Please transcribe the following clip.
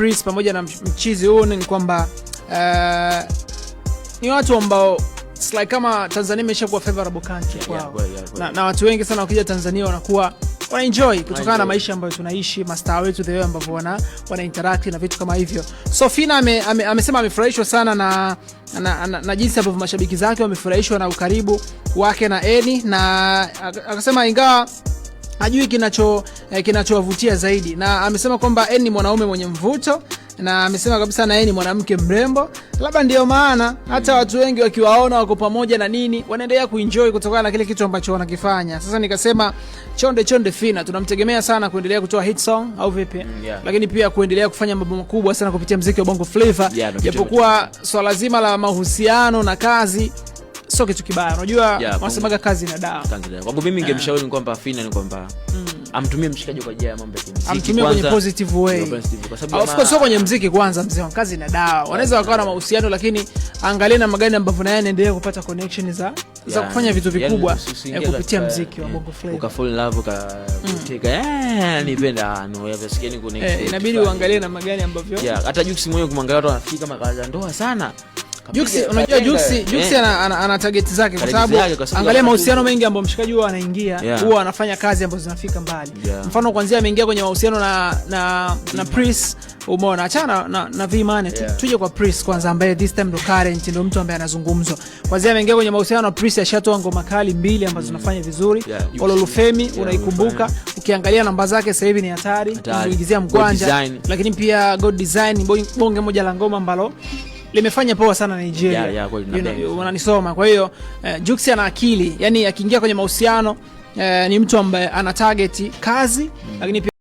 Chris pamoja na mchizi huu ni kwamba uh, ni watu ambao like kama Tanzania imeshakuwa favorable country kwao. Yeah, yeah, yeah, yeah. Na, na watu wengi sana wakija Tanzania wanakuwa wana enjoy kutokana na maisha ambayo tunaishi, mastaa wetu the way ambavyo wana wana interact na vitu kama hivyo. So Fina amesema ame, ame amefurahishwa sana na, na, na, na jinsi ambavyo mashabiki zake wamefurahishwa na ukaribu wake na Eni na akasema ingawa hajui kinacho eh, kinachowavutia zaidi, na amesema kwamba yeye ni mwanaume mwenye mvuto na amesema kabisa na yeye ni mwanamke mrembo, labda ndio maana hata watu wengi wakiwaona wako pamoja na nini wanaendelea kuenjoy kutokana na kile kitu ambacho wanakifanya. Sasa nikasema Chonde Chonde Fina tunamtegemea sana kuendelea kutoa hit song au vipi? Mm, yeah. Lakini pia kuendelea kufanya mambo makubwa sana kupitia mziki wa Bongo Flava, japokuwa yeah, no, swala so zima la mahusiano na kazi sio kitu kibaya, unajua yeah, wanasemaga kazi na dawa. Kwangu mimi ningemshauri yeah. kwamba Fina ni kwamba mm. amtumie mshikaji kwa ajili ya mambo ya amtumie kwenye positive way, kwa sababu of kwenye muziki kwanza, mzee wa kazi na dawa, wanaweza wakawa na mahusiano, lakini angalia na magari ambavyo naye anaendelea kupata connection za za kufanya vitu vikubwa kupitia muziki wa Bongo Flava, uka fall in love uka mm. teka, eh, nipenda ah, no ya basikieni connection, eh, inabidi uangalie na magani ambavyo, yeah, hata Jux kumwangalia watu anafikiri kama kaza ndoa sana Juksi, unajua Juksi, eh. Juksi ana target zake kwa sababu angalia mahusiano mengi ambayo mshikaji huwa anaingia huwa anafanya kazi ambazo zinafika mbali. Mfano kwanza ameingia kwenye mahusiano na na na Prince, umeona achana na na Vimane, tuje kwa Prince kwanza ambaye this time ndo current ndo mtu ambaye anazungumzwa. Kwanza ameingia kwenye mahusiano na Prince ashatoa ngoma kali mbili ambazo mm. zinafanya vizuri. Ololufemi unaikumbuka, ukiangalia namba zake sasa hivi ni hatari, unaingizia mkwanja. Lakini pia God Design bonge moja la ngoma ambalo limefanya poa sana Nigeria. unanisoma. Kwa hiyo uh, Jux ana akili, yani akiingia kwenye mahusiano eh, ni mtu ambaye ana target kazi mm. lakini